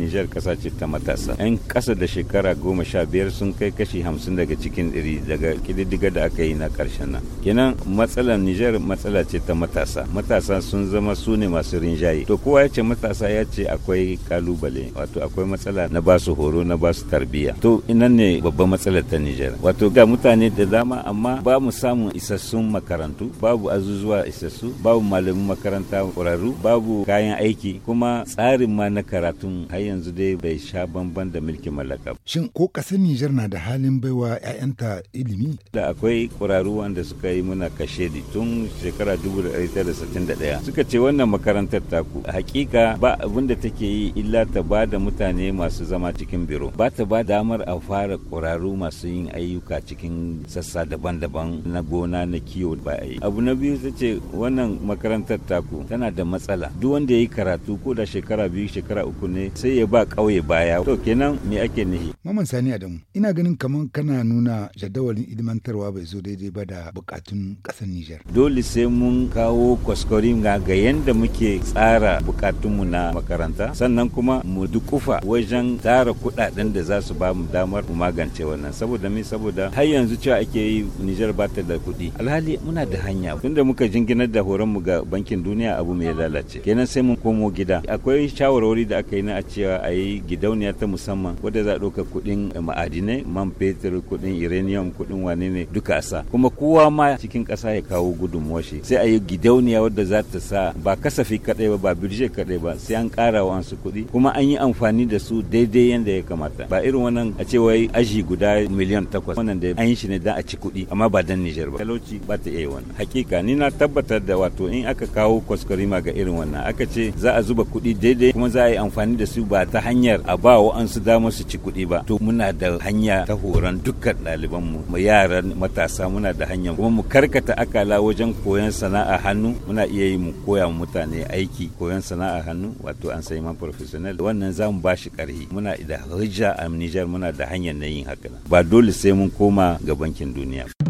Nijar kasa ce ta matasa. 'Yan kasa da shekara goma sha biyar sun kai kashi hamsin daga cikin iri daga ƙididdiga da aka yi na karshen nan. Kenan matsalar Nijar matsala ce ta matasa. Matasa sun zama su ne masu rinjaye. To kowa ya ce matasa ya ce akwai kalubale wato akwai matsala na basu horo na basu tarbiyya. To inan ne babban matsalar ta Nijar. Wato ga mutane da dama amma ba mu samun isassun makarantu babu azuzuwa isassu babu malamin makaranta ƙwararru babu kayan aiki kuma tsarin ma na karatun har yanzu dai bai sha bamban da mulkin mallaka. Shin ko kasar Nijar na da halin baiwa 'ya'yanta ilimi? Da akwai ƙuraru wanda suka yi muna kashedi tun shekara 1961 suka ce wannan makarantar taku hakika ba abun da take yi illa ta ba da mutane masu zama cikin biro ba ta ba damar a fara ƙuraru masu yin ayyuka cikin sassa daban-daban na gona na kiwo ba a yi. Abu na biyu ta ce wannan makarantar taku tana da matsala duk wanda ya yi karatu ko da shekara biyu shekara uku ne sai ya ba kauye baya to kenan me ake nufi. maman sani adamu ina ganin kaman kana nuna jadawalin ilmantarwa bai zo daidai ba da bukatun ƙasar Nijar dole sai mun kawo kwaskwari ga ga yanda muke tsara bukatunmu na makaranta sannan kuma mu dukufa wajen tara kuɗaɗen da za su ba mu damar mu magance wannan saboda me saboda har yanzu cewa ake yi Nijar ba ta da kuɗi alhali muna da hanya tunda muka jinginar da horon mu ga bankin duniya abu mai lalace kenan sai mun komo gida akwai shawarwari da aka yi na a cewa cewa a yi gidauniya ta musamman wadda za a ɗauka kuɗin ma'adinai man fetur kuɗin uranium kuɗin wani ne duka sa kuma kowa ma cikin ƙasa ya kawo gudunmuwar shi sai a yi gidauniya wadda za ta sa ba kasafi kaɗai ba ba birje kaɗai ba sai an ƙara wa su kuɗi kuma an yi amfani da su daidai yadda ya kamata ba irin wannan a ce wai aji guda miliyan takwas wannan da an yi shi ne dan a ci kuɗi amma ba dan Nijar ba talauci ba ta iya wannan hakika ni na tabbatar da wato in aka kawo kwaskwarima ga irin wannan aka ce za a zuba kuɗi daidai kuma za a yi amfani da su ba ba ta hanyar a ba wa'ansu dama su ci kuɗi ba to muna da hanya ta horon dukkan ɗaliban mu yaran matasa muna da hanya kuma mu karkata akala wajen koyon sana'a hannu muna iya yi mu koya mutane aiki koyon sana'a hannu wato an sai ma professional wannan zamu ba shi ƙarfi muna da hujja a Niger muna da hanyar na yin haka ba dole sai mun koma ga bankin duniya.